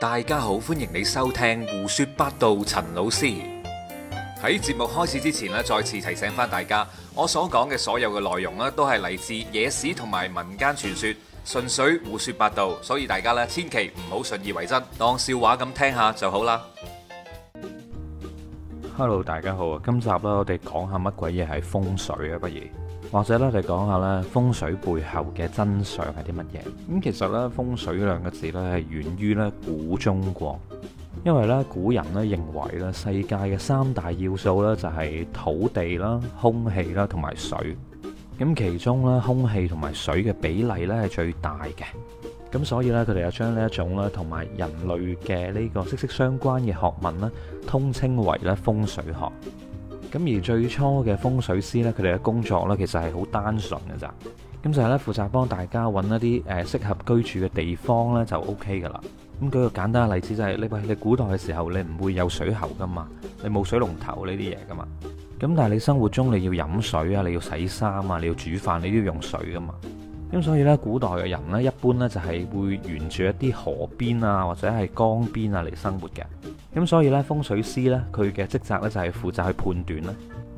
大家好，歡迎你收聽胡說八道。陳老師喺節目開始之前呢，再次提醒翻大家，我所講嘅所有嘅內容呢都係嚟自野史同埋民間傳說，純粹胡說八道，所以大家呢千祈唔好信以為真，當笑話咁聽下就好啦。Hello，大家好啊，今集呢我哋講下乜鬼嘢係風水啊，不如。或者咧，我哋講下咧風水背後嘅真相係啲乜嘢？咁其實咧風水兩個字咧係源於咧古中國，因為咧古人咧認為咧世界嘅三大要素咧就係土地啦、空氣啦同埋水。咁其中咧空氣同埋水嘅比例咧係最大嘅。咁所以咧佢哋就將呢一種咧同埋人類嘅呢個息息相關嘅學問咧，通稱為咧風水學。咁而最初嘅風水師咧，佢哋嘅工作咧，其實係好單純嘅咋。咁就係咧，負責幫大家揾一啲誒適合居住嘅地方咧，OK，就 O K 噶啦。咁舉個簡單嘅例子就係，是，你唔係你古代嘅時候，你唔會有水喉噶嘛，你冇水龍頭呢啲嘢噶嘛。咁但係你生活中你要飲水啊，你要洗衫啊，你要煮飯，你都要，要用水噶嘛。咁所以咧，古代嘅人咧，一般咧就係會沿住一啲河邊啊，或者係江邊啊嚟生活嘅。咁所以呢，風水師呢，佢嘅職責呢，就係負責去判斷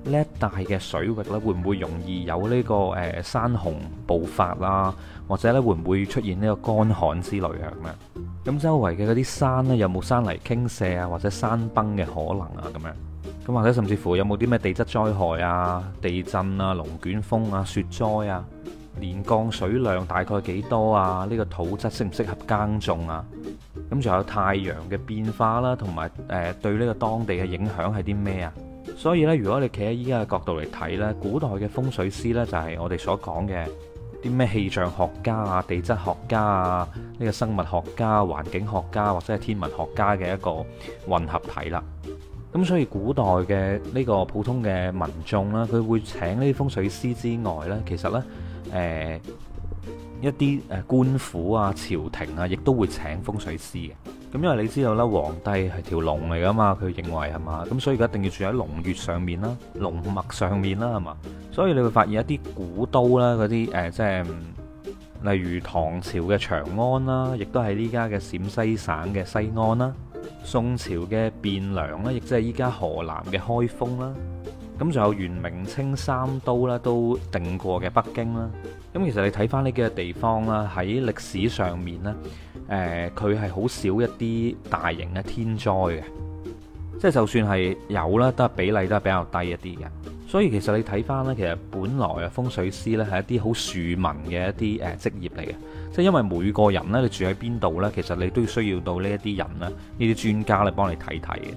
咧，呢一帶嘅水域呢，會唔會容易有呢、這個誒、呃、山洪暴發啦，或者呢會唔會出現呢個乾旱之類啊咁樣。咁周圍嘅嗰啲山呢，有冇山泥傾瀉啊，或者山崩嘅可能啊咁樣。咁或者甚至乎有冇啲咩地質災害啊、地震啊、龍捲風啊、雪災啊？年降水量大概幾多啊？呢個土質適唔適合耕種啊？咁仲有太陽嘅變化啦，同埋誒對呢個當地嘅影響係啲咩啊？所以呢，如果你企喺依家嘅角度嚟睇呢，古代嘅風水師呢，就係我哋所講嘅啲咩氣象學家啊、地質學家啊、呢個生物學家、環境學家或者係天文學家嘅一個混合體啦。咁所以古代嘅呢個普通嘅民眾啦，佢會請呢啲風水師之外呢，其實呢。誒、呃、一啲誒官府啊、朝廷啊，亦都會請風水師嘅。咁因為你知道啦，皇帝係條龍嚟噶嘛，佢認為係嘛，咁所以佢一定要住喺龍穴上面啦、龍脈上面啦，係嘛。所以你會發現一啲古都啦，嗰啲誒，即、呃、係、就是、例如唐朝嘅長安啦，亦都係呢家嘅陝西省嘅西安啦，宋朝嘅汴梁啦，亦即係依家河南嘅開封啦。咁仲有元明清三都啦，都定過嘅北京啦。咁其實你睇翻呢幾個地方啦，喺歷史上面呢，誒佢係好少一啲大型嘅天災嘅，即係就算係有啦，都係比例都係比較低一啲嘅。所以其實你睇翻呢，其實本來啊，風水師呢係一啲好庶民嘅一啲誒職業嚟嘅，即係因為每個人呢，你住喺邊度呢，其實你都需要到呢一啲人呢，呢啲專家嚟幫你睇睇嘅。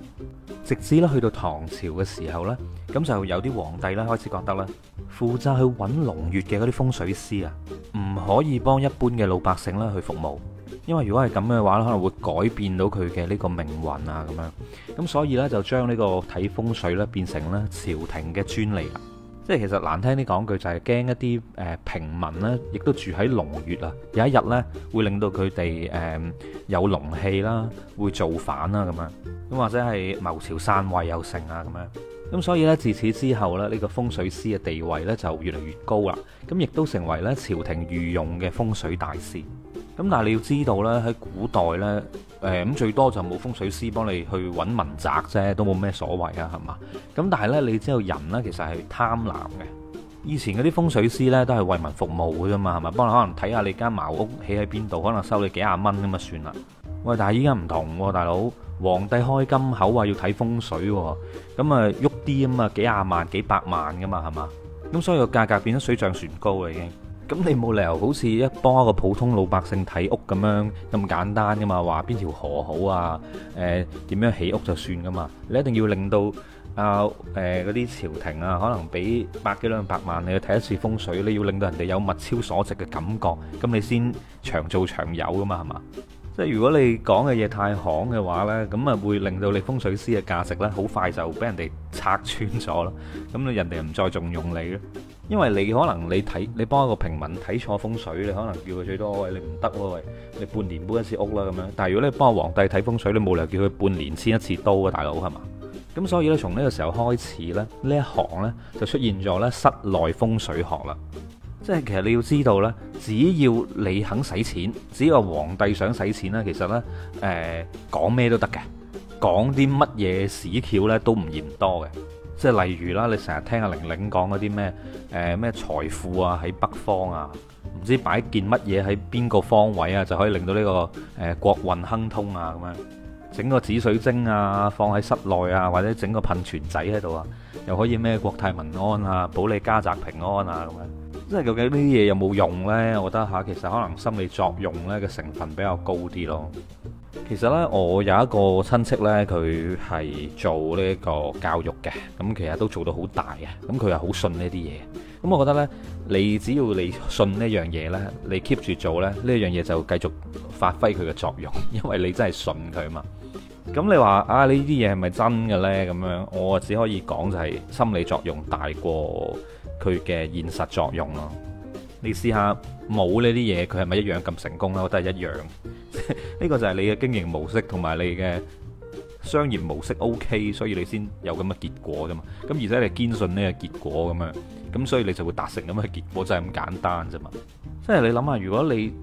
直至咧去到唐朝嘅時候呢，咁就有啲皇帝呢開始覺得呢負責去揾龍穴嘅嗰啲風水師啊，唔可以幫一般嘅老百姓咧去服務。因為如果係咁嘅話，可能會改變到佢嘅呢個命運啊，咁樣。咁所以呢，就將呢個睇風水咧變成咧朝廷嘅專利啦。即係其實難聽啲講句就係、是、驚一啲誒、呃、平民呢，亦都住喺龍穴啊，有一日呢，會令到佢哋誒有龍氣啦，會造反啦咁啊。咁或者係謀朝篡位有成啊咁樣。咁所以呢，自此之後呢，呢、這個風水師嘅地位呢，就越嚟越高啦。咁亦都成為咧朝廷御用嘅風水大師。咁但係你要知道咧，喺古代呢，誒咁最多就冇風水師幫你去揾文宅啫，都冇咩所謂啊，係嘛？咁但係呢，你知道人呢，其實係貪婪嘅，以前嗰啲風水師呢，都係為民服務噶啫嘛，係咪？幫你可能睇下你間茅屋起喺邊度，可能收你幾廿蚊咁啊算啦。喂，但係依家唔同喎，大佬，皇帝開金口話要睇風水，咁啊喐啲咁嘛，幾廿萬、幾百萬噶嘛，係嘛？咁所以個價格變咗水漲船高啊，已經。咁你冇理由好似一幫一個普通老百姓睇屋咁樣咁簡單噶嘛？話邊條河好啊？誒點樣起屋就算噶嘛？你一定要令到啊誒嗰啲朝廷啊，可能俾百幾兩百萬你去睇一次風水，你要令到人哋有物超所值嘅感覺，咁你先長做長有噶嘛？係嘛？即係如果你講嘅嘢太行嘅話呢，咁啊會令到你風水師嘅價值呢，好快就俾人哋拆穿咗咯。咁你人哋唔再重用你咯。因為你可能你睇你幫一個平民睇錯風水，你可能叫佢最多，喂，你唔得喎。喂，你半年搬一次屋啦咁樣。但係如果你幫個皇帝睇風水，你冇理由叫佢半年遷一次刀啊！大佬係嘛？咁所以呢，從呢個時候開始咧，呢一行呢就出現咗呢室內風水學啦。即係其實你要知道呢，只要你肯使錢，只要皇帝想使錢呢，其實呢，誒講咩都得嘅，講啲乜嘢屎竅呢都唔嫌多嘅。即係例如啦，你成日聽阿玲玲講嗰啲咩誒咩財富啊，喺北方啊，唔知擺件乜嘢喺邊個方位啊，就可以令到呢個誒國運亨通啊咁樣，整個紫水晶啊放喺室內啊，或者整個噴泉仔喺度啊，又可以咩國泰民安啊，保你家宅平安啊咁樣。即係究竟呢啲嘢有冇用呢？我覺得嚇，其實可能心理作用呢嘅成分比較高啲咯。其實呢，我有一個親戚呢，佢係做呢個教育嘅，咁其實都做到好大嘅。咁佢係好信呢啲嘢，咁我覺得呢，你只要你信呢樣嘢呢，你 keep 住做呢，呢樣嘢就繼續發揮佢嘅作用，因為你真係信佢嘛。咁你話啊，呢啲嘢係咪真嘅呢？咁樣我只可以講就係心理作用大過佢嘅現實作用咯。你試下冇呢啲嘢，佢係咪一樣咁成功咧？我覺得係一樣。呢個就係你嘅經營模式同埋你嘅商業模式 OK，所以你先有咁嘅結果㗎嘛。咁而且你堅信呢個結果咁樣，咁所以你就會達成咁嘅結果，就係咁簡單啫嘛。即係你諗下，如果你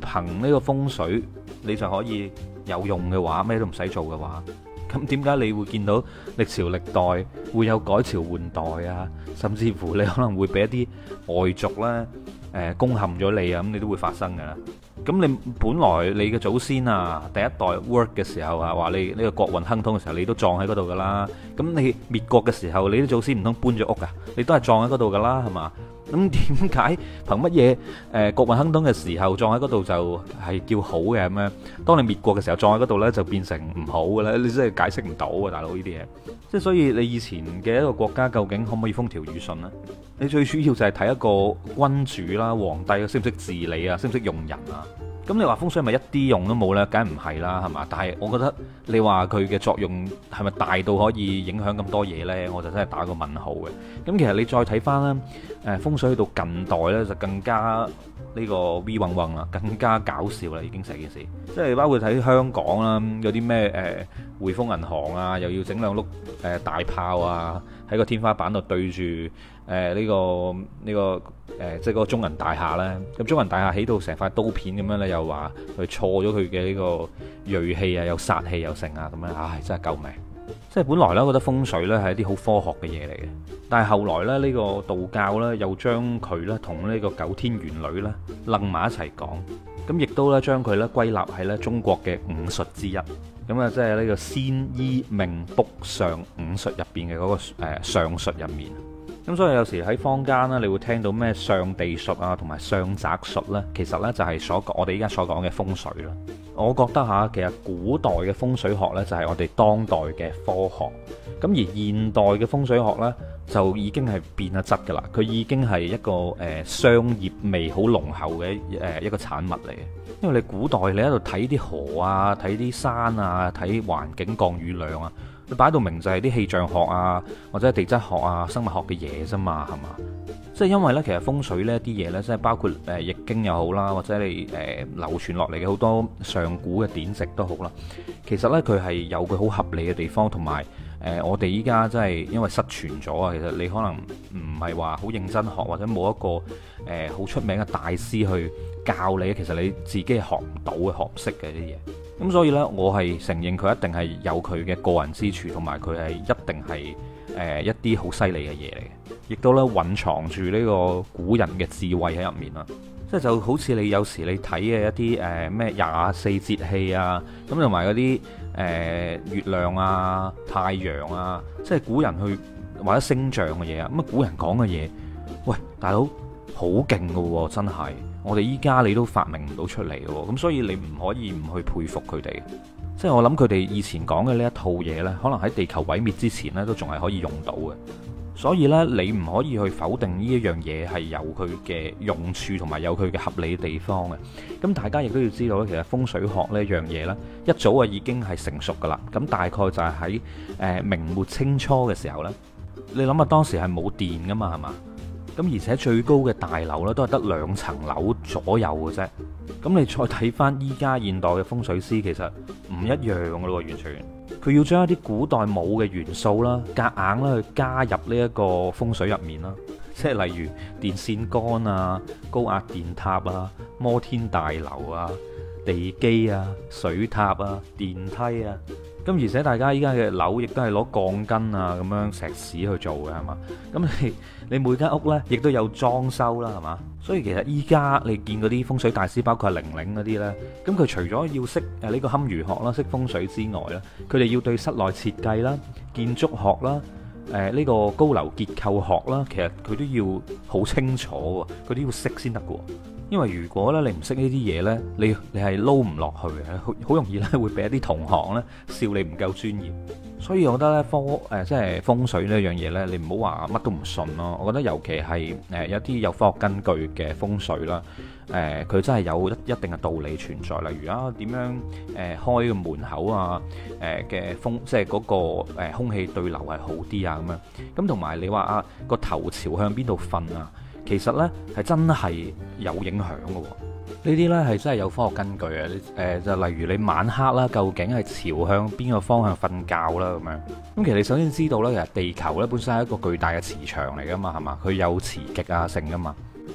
憑呢個風水，你就可以有用嘅話，咩都唔使做嘅話，咁點解你會見到歷朝歷代會有改朝換代啊？甚至乎你可能會俾一啲外族呢。誒攻陷咗你啊，咁你都會發生㗎喇。咁你本來你嘅祖先啊，第一代 work 嘅時候啊，話你呢個國運亨通嘅時候，你都葬喺嗰度㗎啦。咁你滅國嘅時候，你啲祖先唔通搬咗屋㗎啊？你都係葬喺嗰度㗎啦，係嘛？咁點解憑乜嘢？呃，國運亨通嘅時候，葬喺嗰度就係叫好嘅咁樣；當你滅國嘅時候，葬喺嗰度呢，就變成唔好嘅咧。你真係解釋唔到啊，大佬呢啲嘢。即係所以你以前嘅一個國家，究竟可唔可以風調雨順呢？你最主要就係睇一個君主啦、皇帝識唔識治理啊、識唔識用人啊。咁你話風水咪一啲用都冇呢？梗係唔係啦，係嘛？但係我覺得你話佢嘅作用係咪大到可以影響咁多嘢呢？我就真係打個問號嘅。咁其實你再睇翻誒風水去到近代咧，就更加呢個 V 揾揾啦，1, 更加搞笑啦，已經成件事。即係包括睇香港啦，有啲咩誒匯豐銀行啊，又要整兩碌誒大炮啊，喺個天花板度對住誒呢個呢、呢個誒、呃、即係嗰個中銀大廈咧。咁中銀大廈起到成塊刀片咁樣咧，又話佢錯咗佢嘅呢個鋭氣啊，又煞氣又成啊，咁樣，唉，真係救命！即係本來咧，覺得風水咧係一啲好科學嘅嘢嚟嘅。但係後來咧，呢個道教咧又將佢咧同呢個九天玄女咧楞埋一齊講，咁亦都咧將佢咧歸納喺咧中國嘅五術之一。咁啊，即係呢個先醫命卜相、五術入邊嘅嗰個誒相術入面。咁所以有時喺坊間咧，你會聽到咩相地術啊，同埋相宅術呢，其實呢就係所我哋依家所講嘅風水啦。我覺得嚇，其實古代嘅風水學呢，就係我哋當代嘅科學。咁而現代嘅風水學呢，就已經係變咗質㗎啦。佢已經係一個誒商業味好濃厚嘅誒一個產物嚟嘅。因為你古代你喺度睇啲河啊，睇啲山啊，睇環境降雨量啊，你擺到明就係啲氣象學啊，或者地質學啊、生物學嘅嘢啫嘛，係嘛？即係因為呢，其實風水呢啲嘢呢，即係包括誒易經又好啦，或者你誒流傳落嚟嘅好多上古嘅典籍都好啦。其實呢，佢係有佢好合理嘅地方，同埋誒我哋依家真係因為失傳咗啊。其實你可能唔係話好認真學，或者冇一個誒好出名嘅大師去教你，其實你自己學唔到，學唔識嘅啲嘢。咁所以呢，我係承認佢一定係有佢嘅個人之處，同埋佢係一定係。誒、呃，一啲好犀利嘅嘢嚟嘅，亦都咧蘊藏住呢個古人嘅智慧喺入面啦。即係就好似你有時你睇嘅一啲誒咩廿四節氣啊，咁同埋嗰啲誒月亮啊、太陽啊，即係古人去或者星象嘅嘢啊。咁啊古人講嘅嘢，喂大佬，好勁㗎，真係我哋依家你都發明唔到出嚟嘅，咁所以你唔可以唔去佩服佢哋。即係我諗佢哋以前講嘅呢一套嘢呢，可能喺地球毀滅之前呢，都仲係可以用到嘅。所以呢，你唔可以去否定呢一樣嘢係有佢嘅用處，同埋有佢嘅合理地方嘅。咁大家亦都要知道咧，其實風水學呢樣嘢呢，一早啊已經係成熟噶啦。咁大概就係喺誒明末清初嘅時候呢，你諗下當時係冇電噶嘛，係嘛？咁而且最高嘅大樓呢，都係得兩層樓左右嘅啫。咁你再睇翻依家現代嘅風水師，其實唔一樣噶咯喎，完全佢要將一啲古代冇嘅元素啦、夾硬啦去加入呢一個風水入面啦，即係例如電線杆啊、高壓電塔啊、摩天大樓啊、地基啊、水塔啊、電梯啊，咁而且大家依家嘅樓亦都係攞鋼筋啊咁樣石屎去做嘅係咪？咁你。你每間屋呢，亦都有裝修啦，係嘛？所以其實依家你見嗰啲風水大師，包括玲玲嗰啲呢，咁佢除咗要識誒呢、呃呢個堪輿學啦、識風水之外啦，佢哋要對室內設計啦、建築學啦、誒、呃、呢、呢個高樓結構學啦，其實佢都要好清楚喎，佢都要識先得嘅。因為如果咧你唔識呢啲嘢呢，你你係撈唔落去啊，好容易咧會俾一啲同行咧笑你唔夠專業。所以我覺得呢，科誒即係風水呢樣嘢呢，你唔好話乜都唔信咯。我覺得尤其係誒有啲有科學根據嘅風水啦，誒、呃、佢真係有一一定嘅道理存在。例如啊，點樣誒開個門口啊，誒、呃、嘅風即係嗰個空氣對流係好啲啊咁樣。咁同埋你話啊個頭朝向邊度瞓啊？其實呢係真係有影響嘅喎，呢啲呢係真係有科學根據啊！誒、呃、就例如你晚黑啦，究竟係朝向邊個方向瞓覺啦咁樣？咁其實你首先知道呢，其實地球呢本身係一個巨大嘅磁場嚟噶嘛，係、啊、嘛？佢有磁極啊性噶嘛。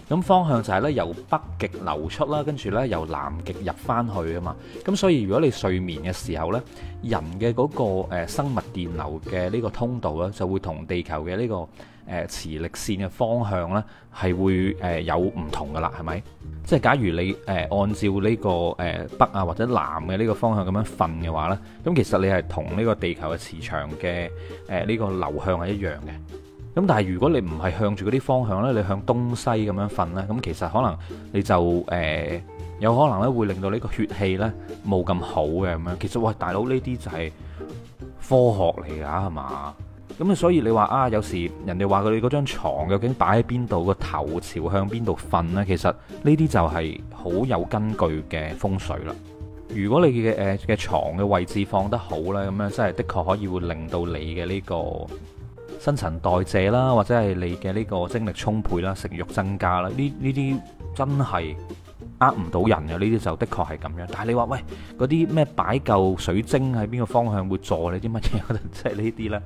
咁方向就係呢由北極流出啦，跟住呢由南極入翻去啊嘛。咁所以如果你睡眠嘅時候呢，人嘅嗰、那個、呃、生物電流嘅呢個通道呢，就會同地球嘅呢、這個。誒磁力線嘅方向呢係會誒有唔同嘅啦，係咪？即係假如你誒按照呢個誒北呀或者南嘅呢個方向咁樣瞓嘅話呢，咁其實你係同呢個地球嘅磁場嘅誒呢個流向係一樣嘅。咁但係如果你唔係向住嗰啲方向呢，你向東西咁樣瞓呢，咁其實可能你就誒、呃、有可能咧會令到呢個血氣呢冇咁好嘅咁樣。其實喂，大佬呢啲就係科學嚟㗎係嘛？咁啊，所以你話啊，有時人哋話佢哋嗰張床究竟擺喺邊度，個頭朝向邊度瞓呢？其實呢啲就係好有根據嘅風水啦。如果你嘅誒嘅床嘅位置放得好呢，咁樣真係的確可以會令到你嘅呢個新陳代謝啦，或者係你嘅呢個精力充沛啦、食欲增加啦，呢呢啲真係。呃唔到人啊，呢啲就的確係咁樣，但係你話喂嗰啲咩擺舊水晶喺邊個方向會助你啲乜嘢咧？即係呢啲咧，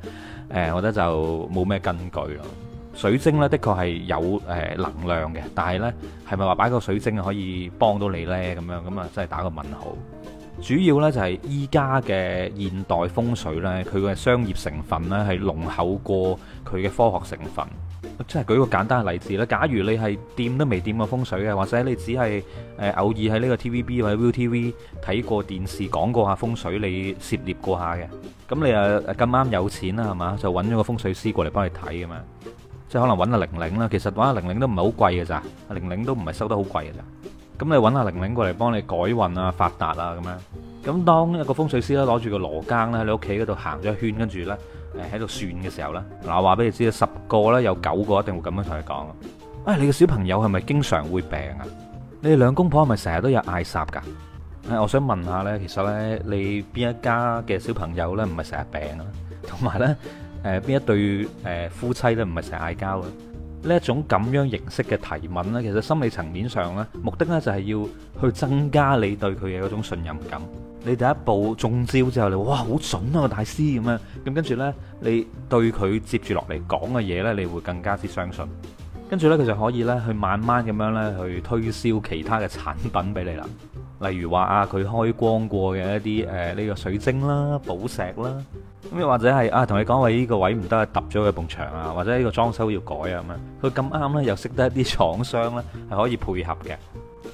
誒，我覺得就冇咩根據咯。水晶咧，的確係有誒能量嘅，但係咧係咪話擺個水晶可以幫到你咧？咁樣咁啊，真係打個問號。主要咧就係依家嘅現代風水咧，佢嘅商業成分咧係濃厚過佢嘅科學成分。即係舉個簡單嘅例子啦，假如你係掂都未掂過風水嘅，或者你只係誒偶爾喺呢個 TVB 或者 ViuTV 睇過電視講過下風水，你涉獵過下嘅，咁你啊，咁啱有錢啦係嘛，就揾咗個風水師過嚟幫你睇嘅嘛，即係可能揾阿玲玲啦，其實揾阿玲玲都唔係好貴嘅咋，阿玲玲都唔係收得好貴嘅咋，咁你揾阿玲玲過嚟幫你改運啊、發達啊咁樣，咁當一個風水師咧，攞住個羅庚咧喺你屋企嗰度行咗一圈，跟住呢。誒，喺度算嘅時候咧，嗱，我話俾你知啊，十個咧有九個一定會咁樣同你講。誒、哎，你嘅小朋友係咪經常會病啊？你哋兩公婆係咪成日都有嗌霎噶？誒、哎，我想問一下咧，其實咧你邊一家嘅小朋友咧，唔係成日病啊？同埋咧，誒邊一對誒夫妻咧，唔係成日嗌交啊？呢一種咁樣形式嘅提問呢，其實心理層面上呢，目的呢就係要去增加你對佢嘅嗰種信任感。你第一步中招之後，你哇，好準啊，大師咁樣，咁跟住呢，你對佢接住落嚟講嘅嘢呢，你會更加之相信。跟住呢，佢就可以呢去慢慢咁樣呢去推銷其他嘅產品俾你啦。例如話啊，佢開光過嘅一啲誒呢個水晶啦、寶石啦，咁又或者係啊，同你講話呢個位唔得，揼咗佢埲牆啊，或者呢、啊、個裝修要改啊咁啊，佢咁啱咧又識得一啲廠商咧係可以配合嘅，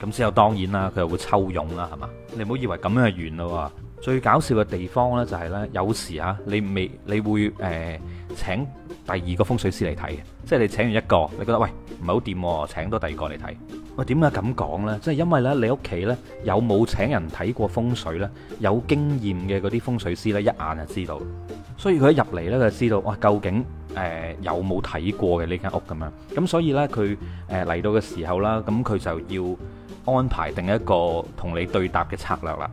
咁之後當然啦，佢又會抽佣啦，係嘛？你唔好以為咁樣係完啦。最搞笑嘅地方咧就係、是、咧，有時吓、啊、你未你會誒、呃、請第二個風水師嚟睇，即係你請完一個，你覺得喂唔係好掂，請多第二個嚟睇。我點解咁講呢？即係因為咧，你屋企咧有冇請人睇過風水咧？有經驗嘅嗰啲風水師咧，一眼就知道。所以佢一入嚟咧，就知道哇，究竟誒、呃、有冇睇過嘅呢間屋咁樣。咁所以呢，佢誒嚟到嘅時候啦，咁佢就要安排定一個同你對答嘅策略啦。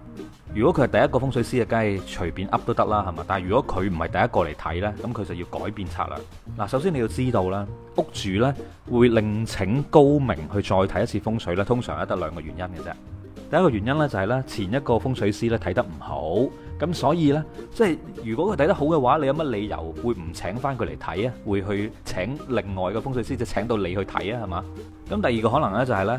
如果佢係第一個風水師嘅，梗係隨便 up 都得啦，係嘛？但係如果佢唔係第一個嚟睇，咧，咁佢就要改變策略。嗱，首先你要知道啦，屋主咧會另請高明去再睇一次風水咧，通常得兩個原因嘅啫。第一個原因咧就係咧，前一個風水師咧睇得唔好，咁所以咧，即係如果佢睇得好嘅話，你有乜理由會唔請翻佢嚟睇啊？會去請另外嘅風水師，就請到你去睇啊，係嘛？咁第二個可能咧就係咧。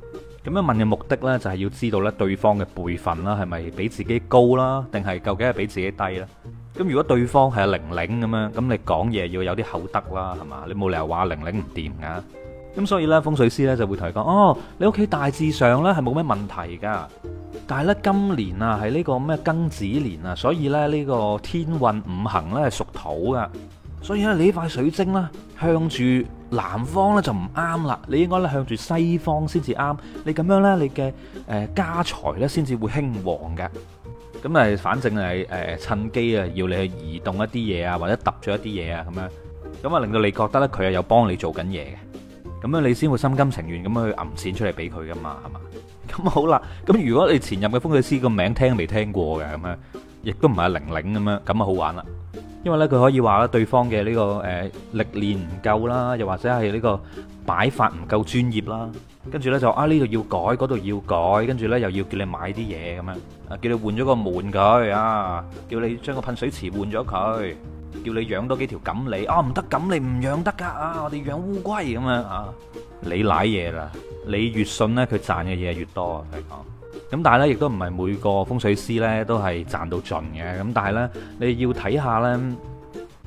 咁樣問嘅目的咧，就係要知道咧對方嘅輩分啦，係咪比自己高啦，定係究竟係比自己低啦？咁如果對方係阿玲玲咁樣，咁你講嘢要有啲口德啦，係嘛？你冇理由話玲玲唔掂噶。咁所以咧，風水師咧就會同佢講：，哦，你屋企大致上咧係冇咩問題噶，但係咧今年啊係呢個咩庚子年啊，所以咧呢個天運五行咧係屬土噶。所以咧，你呢塊水晶咧，向住南方咧就唔啱啦，你應該咧向住西方先至啱。你咁樣咧，你嘅誒家財咧先至會興旺嘅。咁誒，反正係誒趁機啊，要你去移動一啲嘢啊，或者揼咗一啲嘢啊，咁樣咁啊，令到你覺得咧佢係有幫你做緊嘢嘅。咁樣你先會心甘情願咁樣去揼錢出嚟俾佢噶嘛，係嘛？咁好啦，咁如果你前任嘅風水師個名聽未聽過嘅咁啊，亦都唔係阿玲玲咁啊，咁啊好玩啦～因為咧佢可以話啦，對方嘅呢個誒歷練唔夠啦，又或者係呢個擺法唔夠專業啦，跟住咧就啊呢度要改，嗰度要改，跟住咧又要叫你買啲嘢咁樣，啊叫你換咗個門佢啊，叫你將個噴水池換咗佢，叫你養多幾條錦鯉，啊唔得錦鯉唔養得噶，啊我哋養烏龜咁樣啊，你瀨嘢啦，你越信咧佢賺嘅嘢越多啊，明唔明？咁但係咧，亦都唔係每個風水師咧都係賺到盡嘅。咁但係咧，你要睇下咧，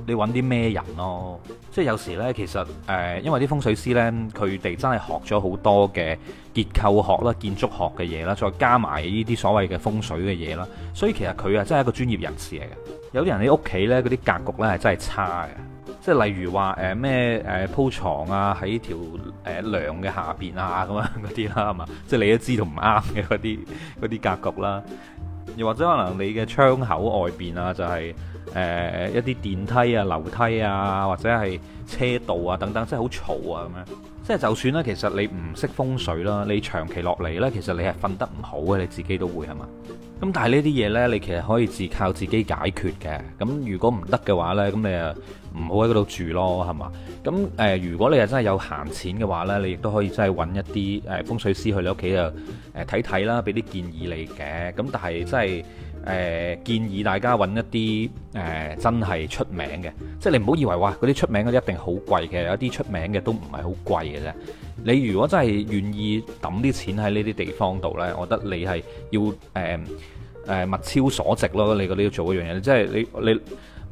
你揾啲咩人咯？即係有時咧，其實，呃，因為啲風水師咧，佢哋真係學咗好多嘅結構學啦、建築學嘅嘢啦，再加埋呢啲所謂嘅風水嘅嘢啦，所以其實佢啊真係一個專業人士嚟嘅。有啲人喺屋企咧，嗰啲格局咧係真係差嘅。即係例如話誒咩誒鋪床啊，喺條誒梁嘅下邊啊，咁樣嗰啲啦，係嘛、啊？即係、就是、你都知道唔啱嘅嗰啲嗰啲格局啦、啊。又或者可能你嘅窗口外邊啊，就係、是、誒、呃、一啲電梯啊、樓梯啊，或者係車道啊等等，即係好嘈啊咁樣。即係就算咧、啊，其實你唔識風水啦，你長期落嚟咧，其實你係瞓得唔好嘅，你自己都會係嘛。咁但係呢啲嘢咧，你其實可以自靠自己解決嘅。咁如果唔得嘅話咧，咁你啊～唔好喺嗰度住咯，係嘛？咁誒、呃，如果你係真係有閒錢嘅話呢，你亦都可以真係揾一啲誒、呃、風水師去你屋企誒睇睇啦，俾、呃、啲建議你嘅。咁但係真係誒、呃、建議大家揾一啲誒、呃、真係出名嘅，即係你唔好以為話嗰啲出名嘅一定好貴嘅，有啲出名嘅都唔係好貴嘅啫。你如果真係願意抌啲錢喺呢啲地方度呢，我覺得你係要誒誒、呃呃、物超所值咯。你嗰啲要做一樣嘢，即係你你。你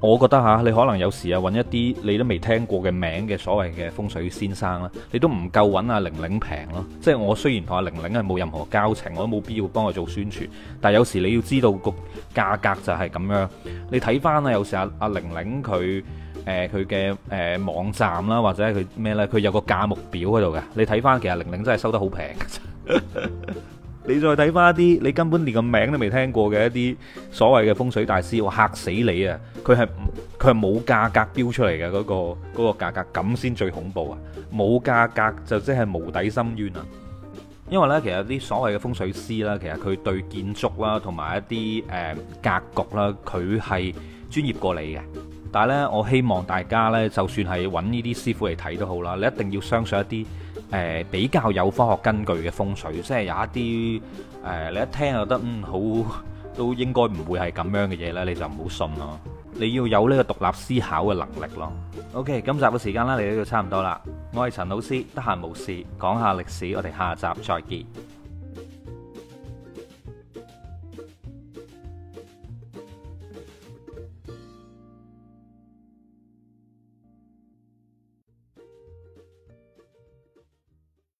我覺得嚇，你可能有時啊，揾一啲你都未聽過嘅名嘅所謂嘅風水先生啦，你都唔夠揾阿玲玲平咯。即係我雖然同阿玲玲係冇任何交情，我都冇必要幫佢做宣傳。但有時你要知道個價格就係咁樣。你睇翻啊，有時阿阿玲玲佢誒佢嘅誒網站啦，或者佢咩呢？佢有個價目表喺度嘅。你睇翻，其實玲玲真係收得好平。 你再睇翻一啲，你根本連個名都未聽過嘅一啲所謂嘅風水大師，我嚇死你啊！佢係佢係冇價格標出嚟嘅嗰個嗰個價格，咁先最恐怖啊！冇價格就即係無底深淵啊！因為呢，其實啲所謂嘅風水師啦，其實佢對建築啦同埋一啲誒格局啦，佢係專業過你嘅。但係呢，我希望大家呢，就算係揾呢啲師傅嚟睇都好啦，你一定要相信一啲。誒、呃、比較有科學根據嘅風水，即係有一啲誒、呃，你一聽就覺得，嗯，好，都應該唔會係咁樣嘅嘢呢，你就唔好信咯。你要有呢個獨立思考嘅能力咯。OK，今集嘅時間啦，嚟到差唔多啦。我係陳老師，得閒無事講下歷史，我哋下集再見。